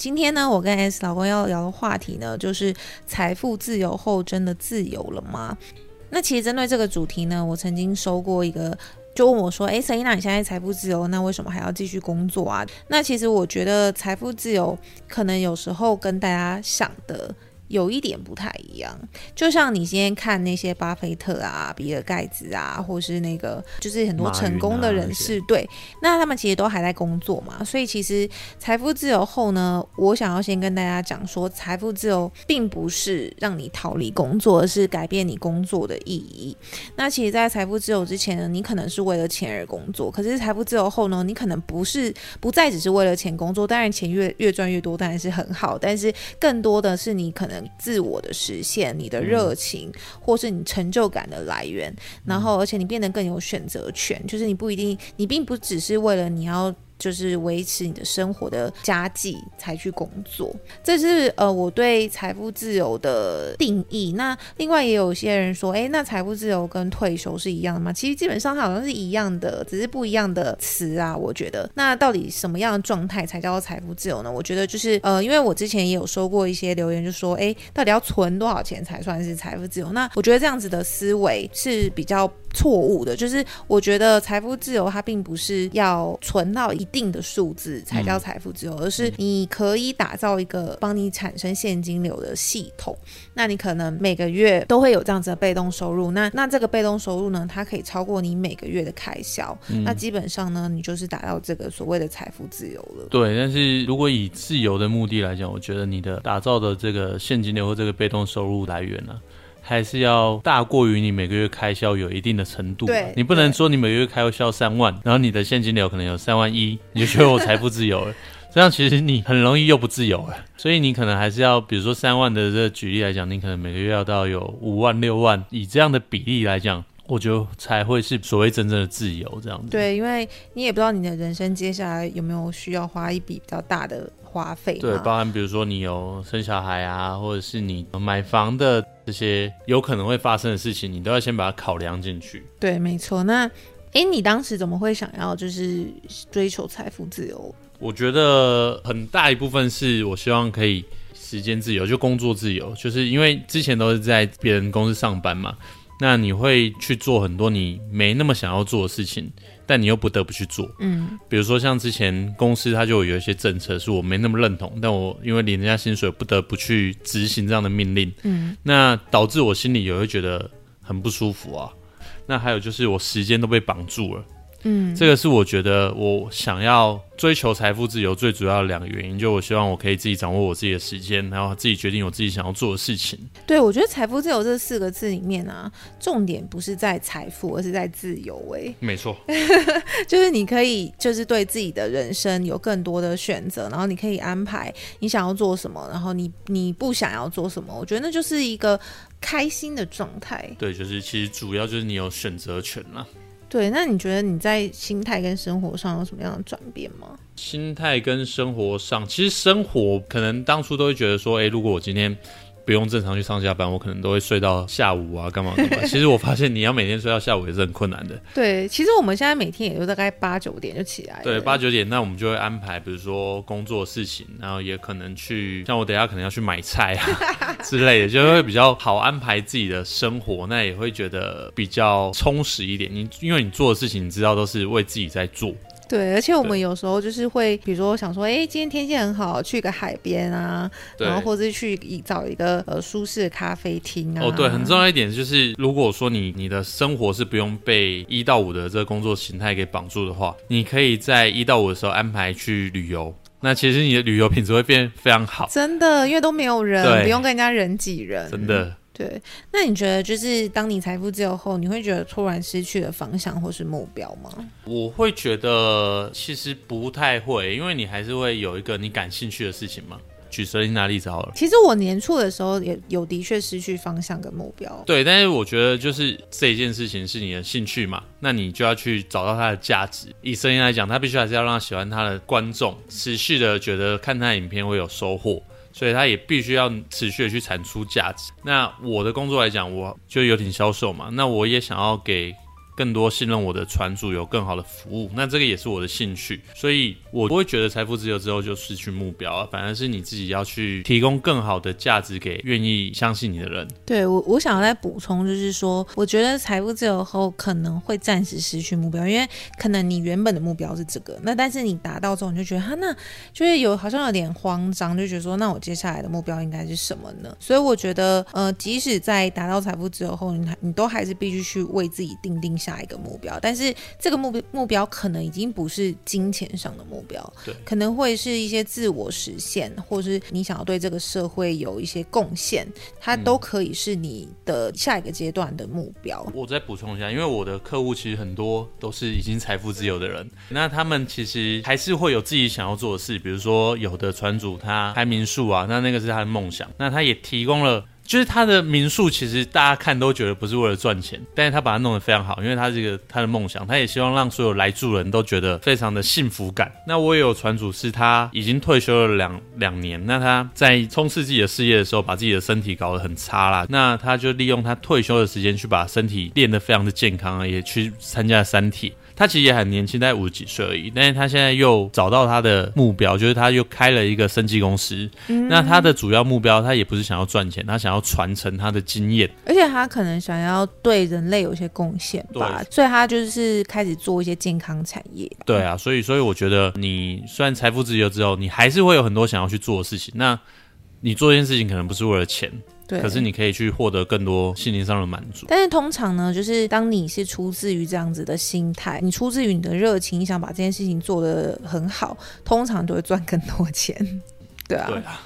今天呢，我跟 S 老公要聊的話題呢，就是財富自由後真的自由了嗎？那其實針對這個主題呢，我曾經收過一個，就問我說：“誒，Selena，你現在財富自由，那為什麼還要繼續工作啊？”那其實我覺得財富自由可能有時候跟大家想的有一點不太一樣，就像你今天看那些巴菲特啊、比爾蓋茨啊，或是那個就是很多成功的人士，啊、對，那他們其實都還在工作嘛。所以其實財富自由後呢，我想要先跟大家講說，財富自由並不是讓你逃離工作，而是改變你工作的意義。那其實，在財富自由之前呢，你可能是為了錢而工作；可是財富自由後呢，你可能不是不再只是為了錢工作。當然，錢越越賺越多當然是很好，但是更多的是你可能。自我的實現，你的熱情，嗯，或是你成就感的來源，然後，而且你變得更有選擇權，就是你不一定，你並不只是為了你要。就是維持你的生活的家計才去工作，這是呃我對財富自由的定義。那另外也有些人說，誒，那財富自由跟退休是一樣的嗎？其實基本上好像是一樣的，只是不一樣的詞啊。我覺得，那到底什麼樣的狀態才叫做財富自由呢？我覺得就是呃，因為我之前也有收過一些留言，就說，誒，到底要存多少錢才算是財富自由？那我覺得這樣子的思維是比較。錯誤的，就是我覺得財富自由它並不是要存到一定的數字才叫財富自由，嗯、而是你可以打造一個幫你產生現金流的系統，那你可能每個月都會有這樣子的被動收入，那那這個被動收入呢，它可以超過你每個月的開銷，嗯、那基本上呢，你就是達到這個所謂的財富自由了。對，但是如果以自由的目的來講，我覺得你的打造的這個現金流和這個被動收入來源呢，還是要大過於你每個月開銷有一定的程度，對，你不能說你每個月開銷三萬，然後你的現金流可能有三萬一，你就覺得我財富自由了，這樣其實你很容易又不自由了。所以你可能還是要，比如說三萬的這個舉例來講，你可能每個月要到有五萬六萬，以這樣的比例來講，我覺得才會是所謂真正的自由這樣子。對，因為你也不知道你的人生接下來有沒有需要花一筆比較大的花費，對，包含比如說你有生小孩啊，或者是你買房的。這些有可能會發生的事情，你都要先把它考量進去。對，沒錯。那，欸，你當時怎麼會想要就是追求財富自由？我覺得很大一部分是我希望可以時間自由，就工作自由，就是因為之前都是在別人公司上班嘛，那你會去做很多你沒那麼想要做的事情。但你又不得不去做，嗯，比如說像之前公司，它就有，有一些政策是我沒那麼認同，但我因為領人家薪水，不得不去執行這樣的命令，嗯，那導致我心裡也會覺得很不舒服啊。那還有就是我時間都被綁住了。嗯，這個是我覺得我想要追求財富自由最主要的兩個原因，就我希望我可以自己掌握我自己的時間，然後自己決定我自己想要做的事情。對，我覺得財富自由這四個字裡面啊，重點不是在財富，而是在自由欸。哎，沒錯，就是你可以，就是對自己的人生有更多的選擇，然後你可以安排你想要做什麼，然後你你不想要做什麼。我覺得那就是一個開心的狀態。對，就是其實主要就是你有選擇權嘛。對，那你覺得你在心態跟生活上有什麼樣的轉變嗎？心態跟生活上，其實生活可能當初都會覺得說，誒，如果我今天。不用正常去上下班，我可能都會睡到下午啊，幹嘛幹嘛。其實我發現你要每天睡到下午也是很困難的。對，其實我們現在每天也就大概八九點就起來。對，八九點，那我們就會安排，比如說工作的事情，然後也可能去，像我等一下可能要去買菜啊之類的，就會比較好安排自己的生活， 那也會覺得比較充實一點。你因為你做的事情，你知道都是為自己在做。對，而且我們有時候就是會，比如說想說，誒對，今天天氣很好，去個海邊啊，對然後或者是去找一個呃舒適的咖啡廳啊。哦，oh, 對，很重要一點就是，如果說你你的生活是不用被一到五的這個工作形態給綁住的話，你可以在一到五的時候安排去旅遊，那其實你的旅遊品質會變非常好，真的，因為都沒有人，對不用跟人家人擠人，真的。對，那你覺得就是當你財富自由後，你會覺得突然失去了方向或是目標嗎？我會覺得其實不太會，因為你還是會有一個你感興趣的事情嘛。舉蛇音拿例子好了，其實我年初的時候也有的確失去方向跟目標。對，但是我覺得就是這一件事情是你的興趣嘛，那你就要去找到它的價值。以聲音來講，他必須還是要讓他喜歡他的觀眾持續的覺得看他的影片會有收穫。所以他也必須要持續的去產出價值。那我的工作來講，我就有點銷售嘛，那我也想要給。更多信任我的船主有更好的服務，那這個也是我的興趣，所以我不會覺得財富自由之後就失去目標，反而是你自己要去提供更好的價值給願意相信你的人。對我，我想再補充就是說，我覺得財富自由後可能會暫時失去目標，因為可能你原本的目標是這個，那但是你達到之後，你就覺得哈、啊，那就是有好像有點慌張，就覺得說那我接下來的目標應該是什麼呢？所以我覺得，呃，即使在達到財富自由後，你你都還是必須去為自己定定下。下一個目標，但是這個目標目標可能已經不是金錢上的目標，對，可能會是一些自我實現，或是你想要對這個社會有一些貢獻，它都可以是你的下一個階段的目標。我再補充一下，因為我的客戶其實很多都是已經財富自由的人，對那他們其實還是會有自己想要做的事，比如說有的船主他開民宿啊，那那個是他的夢想，那他也提供了。就是他的民宿，其實大家看都覺得不是為了賺錢，但是他把它弄得非常好，因為他這個他的夢想，他也希望讓所有來住人都覺得非常的幸福感。那我也有船主是他已經退休了兩兩年，那他在衝刺自己的事業的時候，把自己的身體搞得很差啦。那他就利用他退休的時間去把身體練得非常的健康啊，也去參加三鐵。他其實也很年輕，在五十幾歲而已。但是他現在又找到他的目標，就是他又開了一個生技公司。嗯、那他的主要目標，他也不是想要賺錢，他想要傳承他的經驗，而且他可能想要對人類有些貢獻吧。對所以，他就是開始做一些健康產業。對啊，所以，所以我覺得你，你雖然財富自由之後，你還是會有很多想要去做的事情。那，你做一件事情，可能不是為了錢。對，可是你可以去獲得更多心靈上的滿足。但是通常呢，就是當你是出自於這樣子的心態，你出自於你的熱情，你想把這件事情做得很好，通常都會賺更多錢，對啊。對啊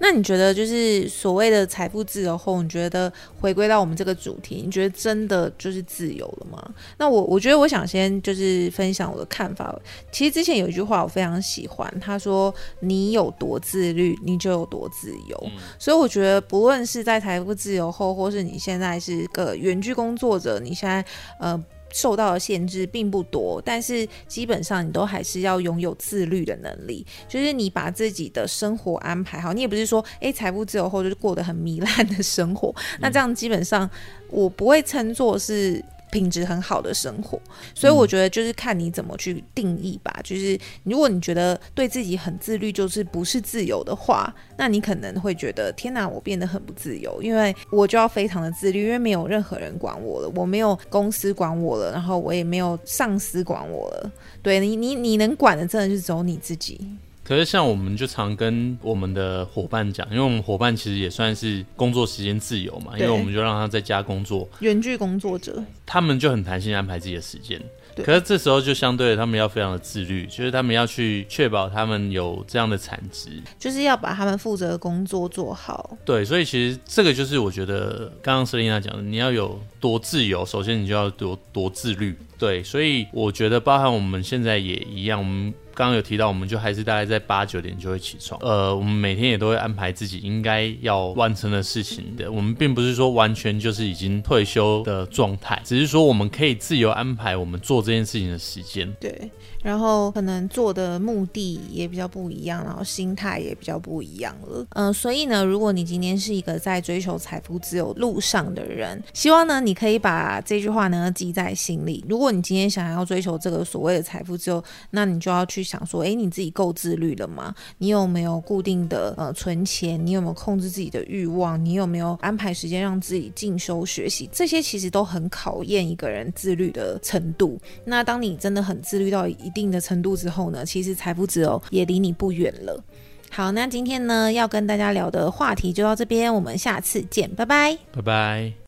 那你覺得，就是所謂的財富自由後，你覺得回歸到我們這個主題，你覺得真的就是自由了嗎？那我我覺得，我想先就是分享我的看法。其實之前有一句話我非常喜歡，他說：“你有多自律，你就有多自由。”嗯，所以我覺得，不論是在財富自由後，或是你現在是個遠距工作者，你現在呃。受到的限制並不多，但是基本上你都還是要擁有自律的能力，就是你把自己的生活安排好。你也不是說，誒，財富自由後就是過得很糜爛的生活。嗯、那這樣基本上，我不會稱作是。品質很好的生活，所以我覺得就是看你怎麼去定義吧。嗯、就是如果你覺得對自己很自律，就是不是自由的話，那你可能會覺得天哪，啊，我變得很不自由，因為我就要非常的自律，因為沒有任何人管我了，我沒有公司管我了，然後我也沒有上司管我了。對你，你你能管的，真的就只有你自己。可是像我們就常跟我們的夥伴講，因為我們夥伴其實也算是工作時間自由嘛，對因為我們就讓他在家工作，遠距工作者，他們就很彈性安排自己的時間。對可是這時候就相對的，他們要非常的自律，就是他們要去確保他們有這樣的產值，就是要把他們負責的工作做好。對，所以其實這個就是我覺得剛剛 Selena 講的，你要有多自由，首先你就要多多自律。對，所以我覺得包含我們現在也一樣，我們。剛剛有提到，我們就還是大概在八九點就會起床。呃，我們每天也都會安排自己應該要完成的事情的。我們並不是說完全就是已經退休的狀態，只是說我們可以自由安排我們做這件事情的時間。對。然後可能做的目的也比較不一樣，然後心態也比較不一樣了。嗯、呃，所以呢，如果你今天是一個在追求財富自由路上的人，希望呢，你可以把這句話呢記在心裡。如果你今天想要追求這個所謂的財富自由，那你就要去想說，誒，你自己夠自律了嗎？你有沒有固定的呃存錢？你有沒有控制自己的慾望？你有沒有安排時間讓自己進修學習？這些其實都很考驗一個人自律的程度。那當你真的很自律到一一定的程度之後呢，其實財富自由也離你不遠了。好，那今天呢要跟大家聊的話題就到這邊，我們下次見，拜拜，拜拜。